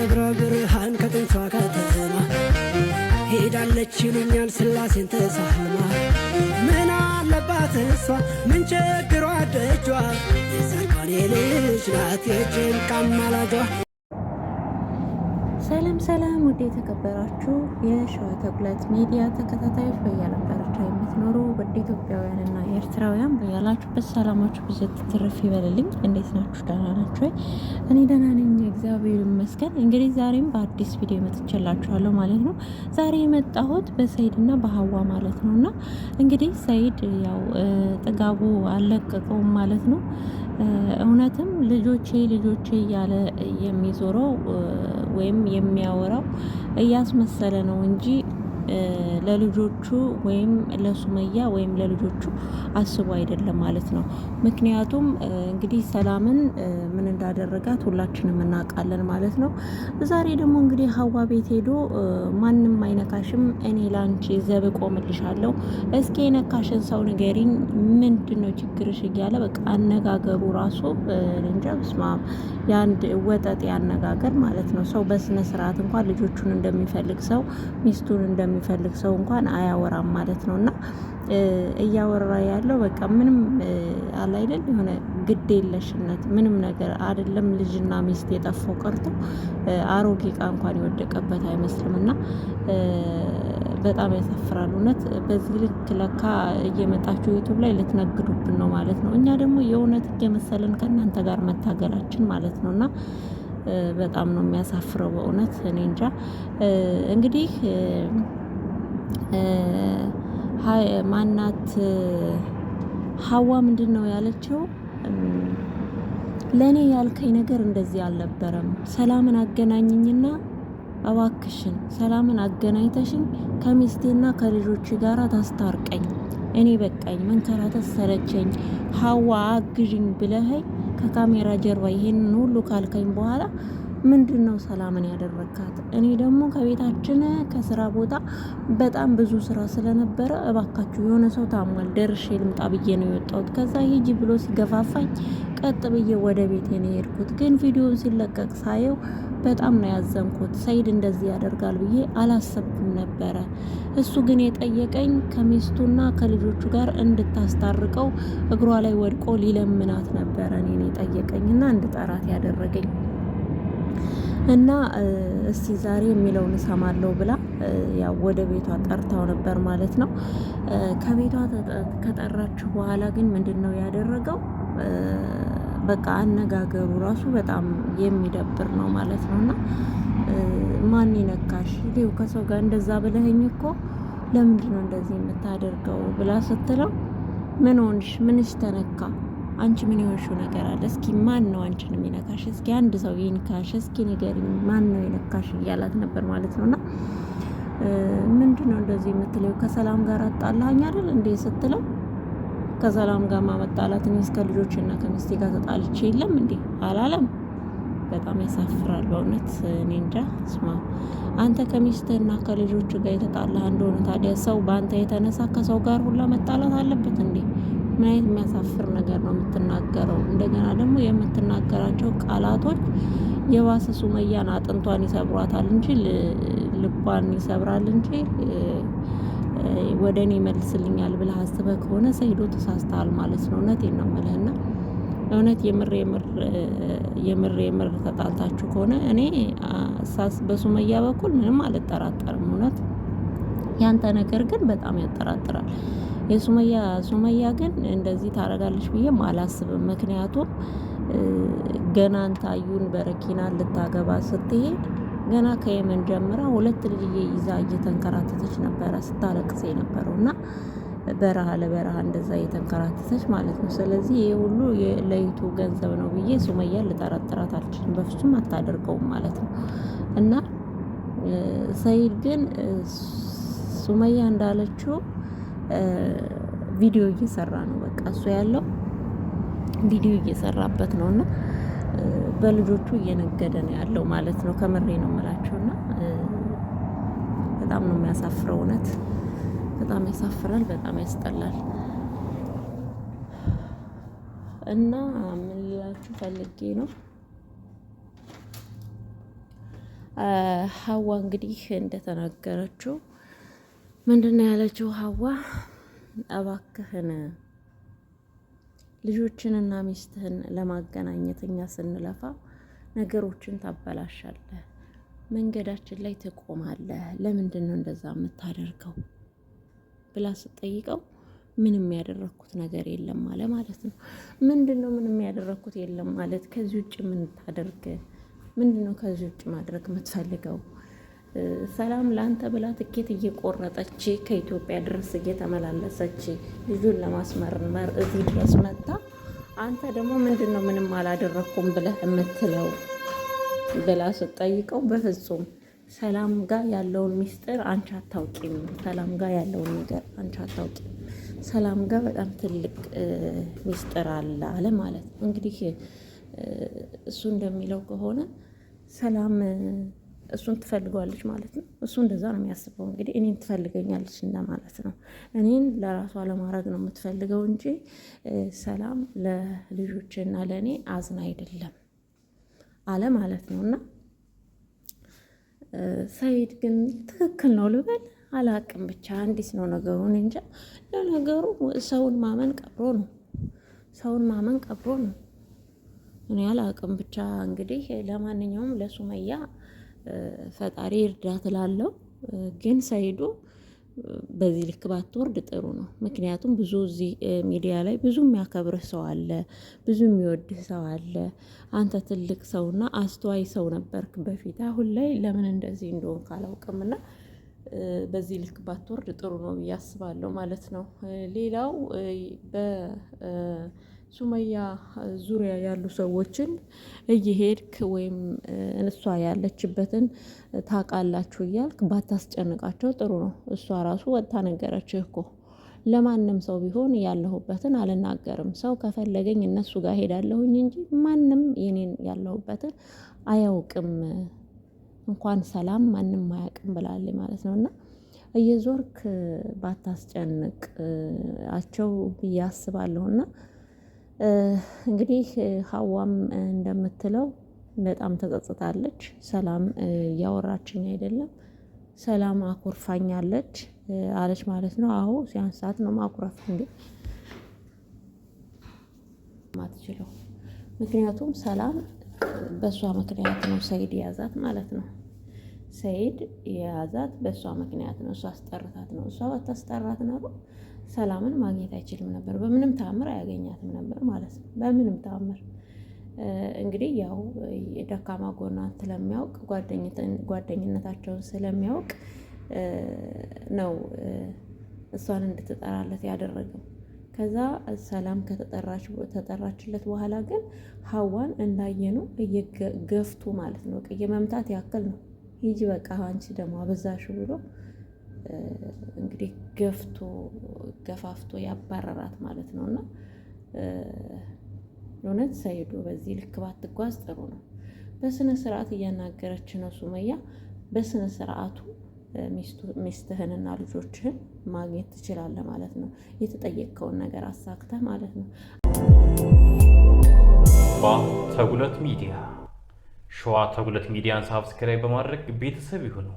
ገብረ ብርሃን ከጥንቷ ከተማ ሄዳለች ይሉኛል ስላሴን ተሳህማ ምን አለባት እሷ ምን ችግሯ ደጇ የሰርኮኔ ልጅ ናት የጭንቃ ማላጇ። ሰላም ሰላም! ውድ የተከበራችሁ የሸዋ ተጉለት ሚዲያ ተከታታዮች በያለንበራቸው የምትኖሩ ኢትዮጵያውያን ኢትዮጵያውያንና ኤርትራውያን በያላችሁበት ሰላማችሁ ብዙ ትትርፍ ይበልልኝ። እንዴት ናችሁ? ደህና ናችሁ ወይ? እኔ ደህና ነኝ፣ እግዚአብሔር ይመስገን። እንግዲህ ዛሬም በአዲስ ቪዲዮ መጥቼላችኋለሁ ማለት ነው። ዛሬ የመጣሁት በሰይድና በሀዋ ማለት ነው እና እንግዲህ ሰይድ ያው ጥጋቡ አልለቀቀውም ማለት ነው። እውነትም ልጆቼ ልጆቼ እያለ የሚዞረው ወይም የሚያወራው እያስመሰለ ነው እንጂ ለልጆቹ ወይም ለሱመያ ወይም ለልጆቹ አስቦ አይደለም ማለት ነው። ምክንያቱም እንግዲህ ሰላምን ምን እንዳደረጋት ሁላችንም እናውቃለን ማለት ነው። ዛሬ ደግሞ እንግዲህ ሀዋ ቤት ሄዶ ማንም አይነካሽም፣ እኔ ላንቺ ዘብ ቆምልሻለሁ፣ እስኪ የነካሽን ሰው ንገሪኝ፣ ምንድን ነው ችግርሽ እያለ በቃ አነጋገሩ ራሱ እንጃ ብስማ የአንድ ወጠጥ አነጋገር ማለት ነው። ሰው በስነ ስርዓት እንኳን ልጆቹን እንደሚፈልግ ሰው ሚስቱን እንደሚፈልግ ሰው ሰው እንኳን አያወራም ማለት ነው። እና እያወራ ያለው በቃ ምንም አለ አይደል የሆነ ግድ የለሽነት ምንም ነገር አይደለም። ልጅና ሚስት የጠፋው ቀርቶ አሮጌ ዕቃ እንኳን የወደቀበት አይመስልም። እና በጣም ያሳፍራል እውነት። በዚህ ልክ ለካ እየመጣችሁ ዩቱብ ላይ ልትነግዱብን ነው ማለት ነው። እኛ ደግሞ የእውነት እየመሰለን ከእናንተ ጋር መታገላችን ማለት ነው እና በጣም ነው የሚያሳፍረው በእውነት እኔ እንጃ እንግዲህ ማናት ሀዋ ምንድን ነው ያለችው? ለእኔ ያልከኝ ነገር እንደዚህ አልነበረም። ሰላምን አገናኝኝና እባክሽን ሰላምን አገናኝተሽን ከሚስቴና ከልጆች ጋር ታስታርቀኝ። እኔ በቃኝ፣ መንከራተት ሰለቸኝ። ሀዋ አግዥኝ ብለኸኝ ከካሜራ ጀርባ ይሄንን ሁሉ ካልከኝ በኋላ ምንድን ነው ሰላምን ያደረካት? እኔ ደግሞ ከቤታችን ከስራ ቦታ በጣም ብዙ ስራ ስለነበረ እባካችሁ የሆነ ሰው ታሟል ደርሼ ልምጣ ብዬ ነው የወጣሁት። ከዛ ሂጂ ብሎ ሲገፋፋኝ ቀጥ ብዬ ወደ ቤት ነው የሄድኩት። ግን ቪዲዮን ሲለቀቅ ሳየው በጣም ነው ያዘንኩት። ሰይድ እንደዚህ ያደርጋል ብዬ አላሰብኩም ነበረ። እሱ ግን የጠየቀኝ ከሚስቱና ከልጆቹ ጋር እንድታስታርቀው እግሯ ላይ ወድቆ ሊለምናት ነበረ እኔን የጠየቀኝ እንድጠራት ያደረገኝ እና እስቲ ዛሬ የሚለውን እሰማለሁ ብላ ያው ወደ ቤቷ ጠርታው ነበር ማለት ነው። ከቤቷ ከጠራችሁ በኋላ ግን ምንድን ነው ያደረገው? በቃ አነጋገሩ ራሱ በጣም የሚደብር ነው ማለት ነው። እና ማን ይነካሽ ይኸው ከሰው ጋር እንደዛ ብለህኝ እኮ ለምንድን ነው እንደዚህ የምታደርገው ብላ ስትለው ምን ሆንሽ? ምንሽ ተነካ አንቺ ምን የሆንሽው ነገር አለ? እስኪ ማን ነው አንቺን የሚነካሽ? እስኪ አንድ ሰው ይንካሽ እስኪ ንገሪኝ፣ ማን ነው የነካሽ እያላት ነበር ማለት ነውና ምንድን ነው እንደዚህ የምትለው? ከሰላም ጋር አጣላኝ አይደል እንዴ ስትለው ከሰላም ጋር ማመጣላት እኔ እስከ ልጆች እና ከሚስቴ ጋር ተጣልቼ የለም እንዴ አላለም። በጣም ያሳፍራል በእውነት እኔ እንጃ። ስማ አንተ ከሚስትህና ከልጆች ጋር የተጣላህ እንደሆነ ታዲያ ሰው በአንተ የተነሳ ከሰው ጋር ሁላ መጣላት አለበት እንዴ? ምን አይነት የሚያሳፍር ነገር ነው የምትናገረው? እንደገና ደግሞ የምትናገራቸው ቃላቶች የባሰ ሱመያን አጥንቷን ይሰብሯታል እንጂ ልቧን ይሰብራል እንጂ ወደ እኔ ይመልስልኛል ብለህ አስበህ ከሆነ ሰይዶ ተሳስተሃል ማለት ነው። እውነቴን ነው የምልህና እውነት የምር የምር የምር የምር ተጣልታችሁ ከሆነ እኔ ሳስ በሱመያ በኩል ምንም አልጠራጠርም። እውነት ያንተ ነገር ግን በጣም ያጠራጥራል። የሱመያ ሱመያ ግን እንደዚህ ታደርጋለች ብዬም አላስብም። ምክንያቱም ገና እንታዩን በረኪና ልታገባ ስትሄድ ገና ከየመን ጀምራ ሁለት ልጅዬ ይዛ እየተንከራተተች ነበረ ስታለቅስ የነበረው እና በረሃ ለበረሃ እንደዛ እየተንከራተተች ማለት ነው። ስለዚህ ይህ ሁሉ ለይቱ ገንዘብ ነው ብዬ ሱመያን ልጠረጥራት አልችልም። በፍጹም አታደርገውም ማለት ነው እና ሰይድ ግን ሱመያ እንዳለችው ቪዲዮ እየሰራ ነው። በቃ እሱ ያለው ቪዲዮ እየሰራበት ነው እና በልጆቹ እየነገደ ነው ያለው ማለት ነው። ከምሬ ነው የምላቸው እና በጣም ነው የሚያሳፍረው። እውነት በጣም ያሳፍራል፣ በጣም ያስጠላል። እና ምን ልላችሁ ፈልጌ ነው ሀዋ እንግዲህ እንደተናገረችው ምንድን ነው ያለችው? ሀዋ እባክህን ልጆችንና ሚስትህን ለማገናኘት እኛ ስንለፋ ነገሮችን ታበላሻለህ፣ መንገዳችን ላይ ትቆማለህ። ለምንድን ነው እንደዛ የምታደርገው ብላ ስጠይቀው ምንም ያደረግኩት ነገር የለም አለ ማለት ነው። ምንድን ነው ምንም ያደረግኩት የለም ማለት? ከዚህ ውጭ ምን ምንድን ነው ከዚህ ውጭ ማድረግ የምትፈልገው? ሰላም ለአንተ ብላ ትኬት እየቆረጠች ከኢትዮጵያ ድረስ እየተመላለሰች ልጁን ለማስመርመር እዚህ ድረስ መጣ። አንተ ደግሞ ምንድን ነው ምንም አላደረግኩም ብለህ የምትለው ብላ ስጠይቀው፣ በፍጹም ሰላም ጋር ያለውን ሚስጥር አንቺ አታውቂም፣ ሰላም ጋር ያለውን ነገር አንቺ አታውቂም፣ ሰላም ጋር በጣም ትልቅ ሚስጥር አለ አለ ማለት እንግዲህ እሱ እንደሚለው ከሆነ ሰላም እሱን ትፈልገዋለች ማለት ነው። እሱ እንደዛ ነው የሚያስበው። እንግዲህ እኔን ትፈልገኛለች እንደማለት ነው። እኔን ለራሷ ለማድረግ ነው የምትፈልገው እንጂ ሰላም እና ለእኔ አዝና አይደለም አለ ማለት ነው። እና ሰይድ ግን ትክክል ነው ልበል አላቅም፣ ብቻ እንዴት ነው ነገሩን እንጃ። ለነገሩ ሰውን ማመን ቀብሮ ነው። ሰውን ማመን ቀብሮ ነው። እኔ አላቅም፣ ብቻ እንግዲህ ለማንኛውም ለሱመያ ፈጣሪ እርዳት ላለው ግን ሰይዱ በዚህ ልክ ባትወርድ ጥሩ ነው። ምክንያቱም ብዙ እዚህ ሚዲያ ላይ ብዙ የሚያከብርህ ሰው አለ፣ ብዙ የሚወድህ ሰው አለ። አንተ ትልቅ ሰውና አስተዋይ ሰው ነበርክ በፊት። አሁን ላይ ለምን እንደዚህ ካላውቅም ና በዚህ ልክ ባትወርድ ጥሩ ነው ብዬ አስባለሁ ማለት ነው። ሌላው በ ሱመያ ዙሪያ ያሉ ሰዎችን እየሄድክ ወይም እሷ ያለችበትን ታውቃላችሁ እያልክ ባታስጨንቃቸው ጥሩ ነው። እሷ ራሱ ወጥታ ነገረችህ እኮ። ለማንም ሰው ቢሆን ያለሁበትን አልናገርም፣ ሰው ከፈለገኝ እነሱ ጋር ሄዳለሁኝ እንጂ ማንም የኔን ያለሁበትን አያውቅም፣ እንኳን ሰላም ማንም አያውቅም ብላለች ማለት ነው እና እየዞርክ ባታስጨንቃቸው ብዬ እና። እንግዲህ ሀዋም እንደምትለው በጣም ተጸጽታለች። ሰላም እያወራችኝ አይደለም፣ ሰላም አኩርፋኛለች አለች ማለት ነው። አሁ ሲያንሳት ነው ማኩረፍ እንዴ ማትችለው። ምክንያቱም ሰላም በእሷ ምክንያት ነው ሰይድ ያዛት ማለት ነው። ሰይድ የያዛት በእሷ ምክንያት ነው። እሷ አስጠርታት ነው። እሷ ባታስጠራት ኖሮ ሰላምን ማግኘት አይችልም ነበር። በምንም ታምር አያገኛትም ነበር ማለት ነው። በምንም ታምር እንግዲህ ያው የደካማ ጎኗን ስለሚያውቅ ጓደኝነታቸውን ስለሚያውቅ ነው እሷን እንድትጠራለት ያደረገው። ከዛ ሰላም ከተጠራችለት በኋላ ግን ሀዋን እንዳየኑ እየገፍቱ ማለት ነው የመምታት ያክል ነው ሂጂ በቃ አንቺ ደግሞ አበዛሽ ብሎ እንግዲህ ገፍቶ ገፋፍቶ ያባረራት ማለት ነው። እና እውነት ሰይዶ በዚህ ልክ ባትጓዝ ጥሩ ነው። በስነ ስርዓት እያናገረች ነው ሱመያ። በስነ ስርዓቱ ሚስትህንና ልጆችህን ማግኘት ትችላለህ ማለት ነው። የተጠየቅከውን ነገር አሳክተህ ማለት ነው። ተጉለት ሚዲያ ሸዋ ተጉለት ሚዲያን ሳብስክራይብ በማድረግ ቤተሰብ ይሁኑ።